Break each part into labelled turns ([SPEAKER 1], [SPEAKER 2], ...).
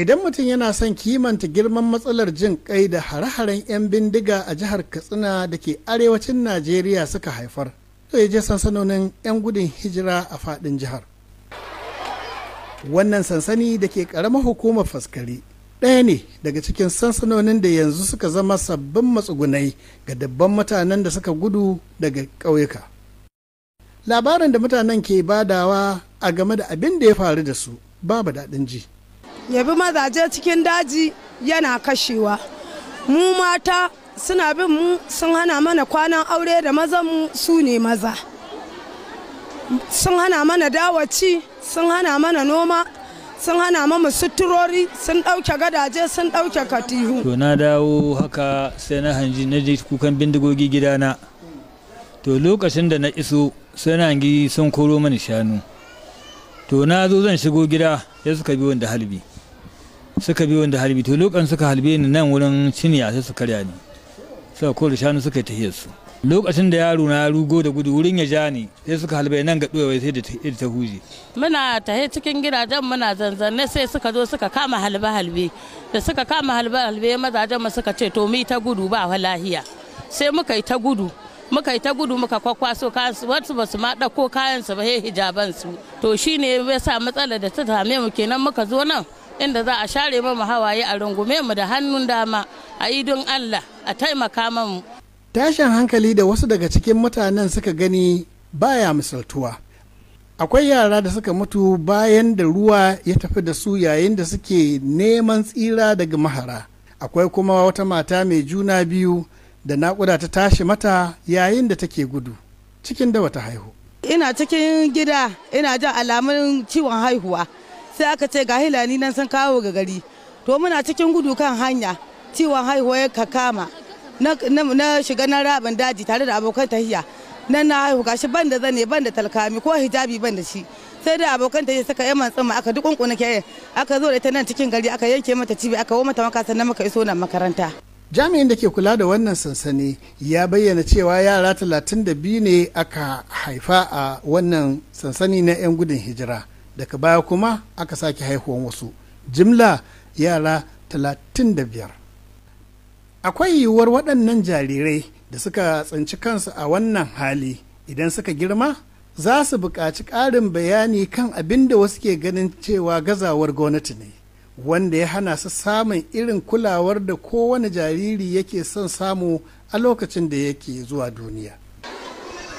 [SPEAKER 1] idan mutum yana son kimanta girman matsalar jin kai da hare-haren 'yan bindiga a jihar katsina da ke arewacin najeriya suka haifar to ya je sansanonin 'yan gudun hijira a faɗin jihar wannan sansani da ke karamar hukumar faskari ɗaya ne daga cikin sansanonin da yanzu suka zama sabbin matsugunai ga dabban mutanen da suka gudu daga ƙauyuka labarin da mutanen ke badawa a game da abin da ya faru da su babu daɗin ji
[SPEAKER 2] ya bi mazaje cikin daji yana kashewa mu mata suna bin mu sun hana mana kwanan aure da mu su ne maza sun hana mana dawaci sun hana mana noma sun hana mamu suturori sun ɗauke gadaje sun ɗauke katihu
[SPEAKER 3] to na dawo haka sai na hanji na ji kukan bindigogi gidana to lokacin da na iso sai na hangi sun koro mani shanu to na zo zan shigo gida ya suka bi wanda halbi suka bi wanda halbi to lokan suka halbe ni nan wurin cinya sai su karya ni suka kore shanu suka tahiyar su lokacin da yaro na rugo da gudu wurin ya ja ni sai suka halbe nan ga duwa sai da ta huje
[SPEAKER 4] muna tahe cikin gidajen muna zanzanne sai suka zo suka kama halbe halbe da suka kama halbe halbe mazajen ma suka ce to mi ta gudu ba lahiya sai muka yi ta gudu muka yi ta gudu muka kwakwaso kayansu wasu ba su ma ɗauko kayansu ba sai hijabansu to shi ne ya sa matsalar da ta same mu kenan muka zo nan inda za a share mu hawaye a rungume mu da hannun dama a idon Allah a taimaka
[SPEAKER 1] mamu. Tashin hankali da wasu daga cikin mutanen suka gani baya misaltuwa. Akwai yara da suka mutu bayan da ruwa ya tafi da su yayin da suke neman tsira daga mahara. Akwai kuma wata mata mai juna biyu da nakuda ta tashi mata yayin da take gudu cikin da wata haihu ina
[SPEAKER 2] cikin gida ina jin alamun ciwon haihuwa sai aka ce ga hilani nan sun kawo ga gari to muna cikin gudu kan hanya ciwon haihuwa ya kama na shiga na rabin daji tare da abokan tahiya nan na haihu gashi ban da zane ban da talkami ko hijabi ban da shi sai da abokan tahiya suka yi man tsama aka dukunkuna ke aka zo da ita nan cikin gari aka yanke mata cibi aka wo mata maka na muka iso nan makaranta
[SPEAKER 1] jami'in da ke kula da wannan sansani ya bayyana cewa yara 32 ne aka haifa a wannan sansani na 'yan gudun hijira daga baya kuma aka sake haihuwan wasu jimla yara 35 akwai yiwuwar waɗannan jarirai da suka tsinci kansu a wannan hali idan suka girma za su buƙaci ƙarin bayani kan abin da wasu ke ganin cewa gazawar gwamnati ne wanda ya hana su samun irin kulawar da kowane jariri yake son samu a lokacin da yake zuwa duniya.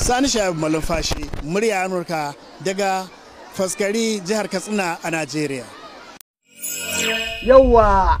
[SPEAKER 1] Sani Shahab Malumfashi, murya Amurka daga Faskari jihar Katsina a Najeriya.
[SPEAKER 5] Yawwa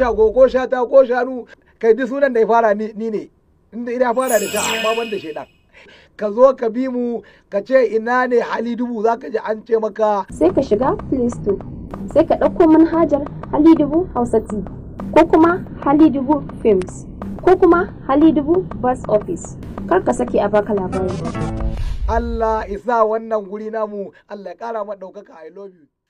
[SPEAKER 5] sha go ko sha ta ko sha shanu kai duk sunan da ya fara ni ne inda ina fara da sha amma ban da shaidan ka zo ka bi mu ka ce ina ne hali dubu za ka ji an ce maka sai ka shiga play store sai ka ɗauko manhajar hali dubu hausa t ko kuma hali dubu films ko kuma hali dubu bus office kar ka sake a baka labari Allah isa wannan guri namu Allah ya kara ma ɗaukaka I love you